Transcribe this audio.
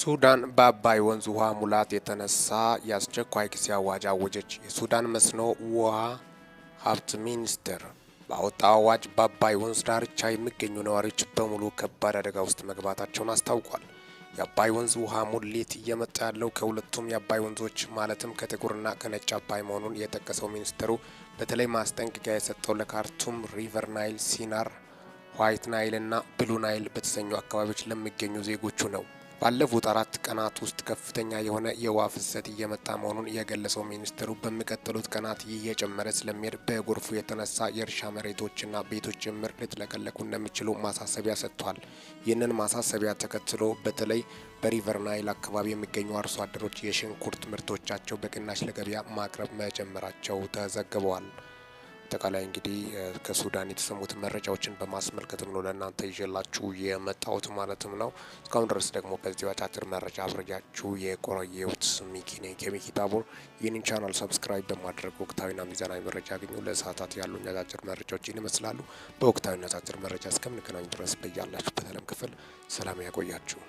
ሱዳን በአባይ ወንዝ ውሃ ሙላት የተነሳ የአስቸኳይ ጊዜ አዋጅ አወጀች። የሱዳን መስኖ ውሃ ሀብት ሚኒስቴር ባወጣው አዋጅ በአባይ ወንዝ ዳርቻ የሚገኙ ነዋሪዎች በሙሉ ከባድ አደጋ ውስጥ መግባታቸውን አስታውቋል። የአባይ ወንዝ ውሃ ሙሌት እየመጣ ያለው ከሁለቱም የአባይ ወንዞች ማለትም ከጥቁርና ከነጭ አባይ መሆኑን የጠቀሰው ሚኒስትሩ በተለይ ማስጠንቀቂያ የሰጠው ለካርቱም፣ ሪቨር ናይል፣ ሲናር፣ ዋይት ናይል እና ብሉ ናይል በተሰኙ አካባቢዎች ለሚገኙ ዜጎቹ ነው። ባለፉት አራት ቀናት ውስጥ ከፍተኛ የሆነ የውሃ ፍሰት እየመጣ መሆኑን የገለጸው ሚኒስትሩ በሚቀጥሉት ቀናት ይህ የጨመረ ስለሚሄድ በጎርፉ የተነሳ የእርሻ መሬቶችና ቤቶች ጭምር ልትለቀለቁ እንደሚችሉ ማሳሰቢያ ሰጥቷል። ይህንን ማሳሰቢያ ተከትሎ በተለይ በሪቨር ናይል አካባቢ የሚገኙ አርሶ አደሮች የሽንኩርት ምርቶቻቸው በቅናሽ ለገበያ ማቅረብ መጀመራቸው ተዘግበዋል። አጠቃላይ እንግዲህ ከሱዳን የተሰሙት መረጃዎችን በማስመልከትም ነው ለእናንተ ይዤላችሁ የመጣሁት ማለትም ነው። እስካሁን ድረስ ደግሞ በዚህ አጫጭር መረጃ አብረጃችሁ የቆየሁት ሚኪ ነኝ ከሚኪ ታቦር። ይህንን ቻናል ሰብስክራይብ በማድረግ ወቅታዊና ሚዛናዊ መረጃ ያገኙ። ለሰዓታት ያሉ አጫጭር መረጃዎች ይህን ይመስላሉ። በወቅታዊና አጫጭር መረጃ እስከምንገናኝ ድረስ በያላችሁ በተለም ክፍል ሰላም ያቆያችሁ።